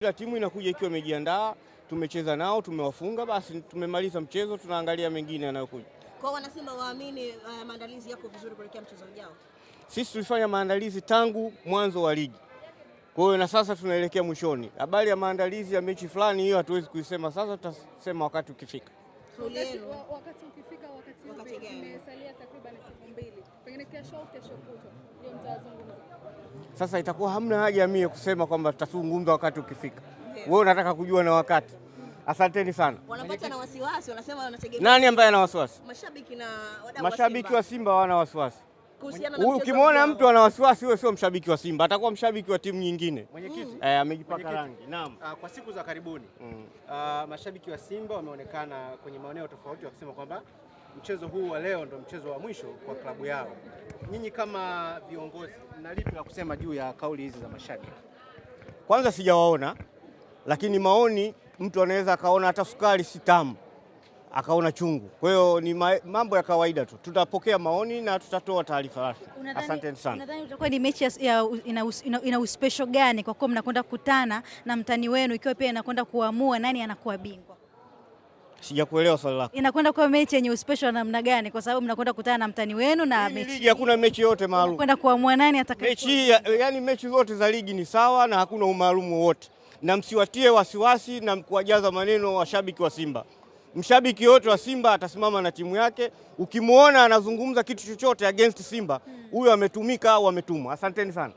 Kila timu inakuja ikiwa imejiandaa, tumecheza nao, tumewafunga, basi tumemaliza mchezo, tunaangalia mengine yanayokuja. Kwa wanasimba waamini, uh, maandalizi yako vizuri kuelekea mchezo ujao. Sisi tulifanya maandalizi tangu mwanzo wa ligi, kwa hiyo na sasa tunaelekea mwishoni. Habari ya maandalizi ya mechi fulani, hiyo hatuwezi kuisema sasa, tutasema wakati ukifika. Wakati ukifika, wakati umesalia takriban siku mbili kesho kesho kutwa ndio mtazungumza. Sasa itakuwa hamna haja mie kusema kwamba tutazungumza wakati ukifika. Wewe unataka kujua na wakati. Asanteni sana. Wanapata na wasiwasi, wanasema wanategemea. Nani ambaye ana wasiwasi? Mashabiki na wadau. Mashabiki wa Simba wana wasiwasi. Huyu ukimwona mtu ana wasiwasi, huyo sio mshabiki wa Simba, atakuwa mshabiki wa timu nyingine. Mwenyekiti eh, amejipaka rangi. Naam. Ah, kwa siku za karibuni mm, uh, mashabiki wa Simba wameonekana kwenye maeneo tofauti wakisema kwamba mchezo huu wa leo ndo mchezo wa mwisho kwa klabu yao. Nyinyi kama viongozi, na lipi la kusema juu ya kauli hizi za mashabiki? Kwanza sijawaona, lakini maoni, mtu anaweza akaona hata sukari si tamu akaona chungu. Kwa hiyo ni ma mambo ya kawaida tu, tutapokea maoni na tutatoa taarifa rasmi. Asante sana. Unadhani itakuwa ni mechi ina uspesho gani, kwa kuwa mnakwenda kukutana na mtani wenu, ikiwa pia inakwenda kuamua nani anakuwa bingwa? Sijakuelewa swali lako. Inakwenda kuwa mechi yenye uspesho wa namna gani? Kwa sababu mnakwenda kukutana na mtani wenu na mechi. Ligi hakuna mechi yote maalum. Kwenda kuamua nani atakaye. Mechi yani, mechi zote za ligi ni sawa na hakuna umaalumu wowote, na msiwatie wasiwasi na kuwajaza maneno washabiki wa Simba. Mshabiki yote wa Simba atasimama na timu yake. Ukimwona anazungumza kitu chochote against Simba, hmm. huyo ametumika au ametumwa. Asanteni sana.